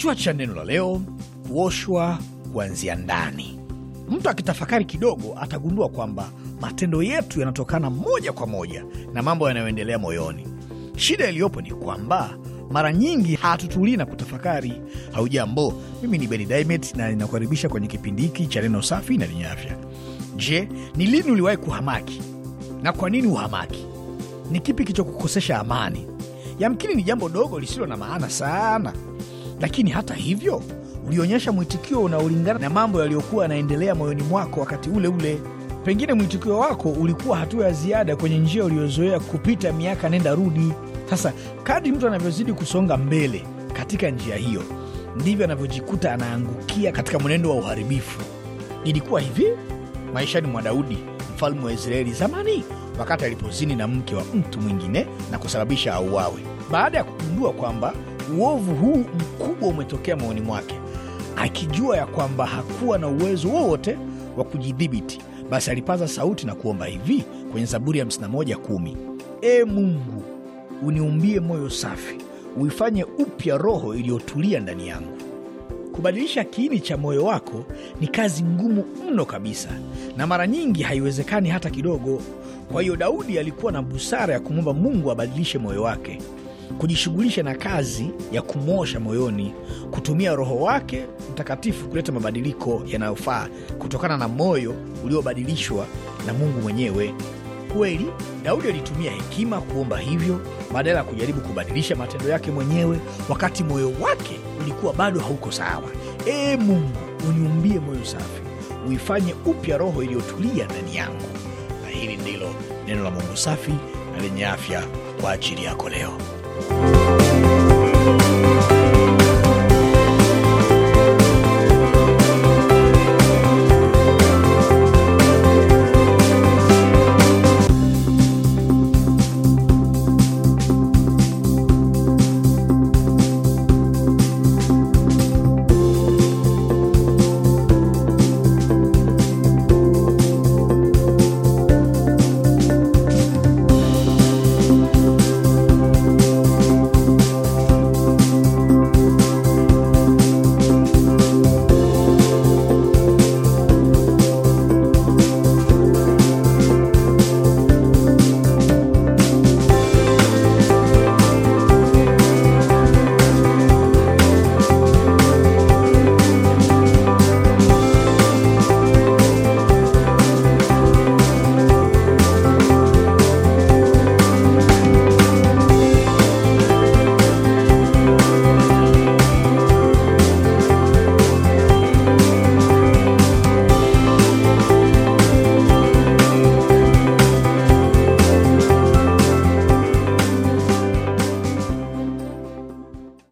Kichwa cha neno la leo: kuoshwa kuanzia ndani. Mtu akitafakari kidogo, atagundua kwamba matendo yetu yanatokana moja kwa moja na mambo yanayoendelea moyoni. Shida iliyopo ni kwamba mara nyingi hatutulii na kutafakari. Haujambo, mimi ni Beni Dimet na ninakukaribisha kwenye kipindi hiki cha neno safi na lenye afya. Je, ni lini uliwahi kuhamaki na kwa nini uhamaki? Ni kipi kilichokukosesha amani? Yamkini ni jambo dogo lisilo na maana sana lakini hata hivyo ulionyesha mwitikio unaolingana na mambo yaliyokuwa yanaendelea moyoni mwako wakati ule ule. Pengine mwitikio wako ulikuwa hatua ya ziada kwenye njia uliyozoea kupita miaka nenda rudi. Sasa kadri mtu anavyozidi kusonga mbele katika njia hiyo, ndivyo anavyojikuta anaangukia katika mwenendo wa uharibifu. Ilikuwa hivi maishani mwa Daudi mfalme wa Israeli zamani, wakati alipozini na mke wa mtu mwingine na kusababisha auawe. Baada ya kugundua kwamba uovu huu mkubwa umetokea maoni mwake, akijua ya kwamba hakuwa na uwezo wowote wa kujidhibiti, basi alipaza sauti na kuomba hivi kwenye Zaburi ya 51:10: E Mungu, uniumbie moyo safi, uifanye upya roho iliyotulia ndani yangu. Kubadilisha kiini cha moyo wako ni kazi ngumu mno kabisa, na mara nyingi haiwezekani hata kidogo. Kwa hiyo Daudi alikuwa na busara ya kumwomba Mungu abadilishe moyo wake kujishughulisha na kazi ya kumwosha moyoni, kutumia Roho wake Mtakatifu kuleta mabadiliko yanayofaa kutokana na moyo uliobadilishwa na Mungu mwenyewe. Kweli Daudi alitumia hekima kuomba hivyo badala ya kujaribu kubadilisha matendo yake mwenyewe wakati moyo wake ulikuwa bado hauko sawa. Ee Mungu, uniumbie moyo safi, uifanye upya roho iliyotulia ndani yangu. Na hili ndilo neno la Mungu safi na lenye afya kwa ajili yako leo. Música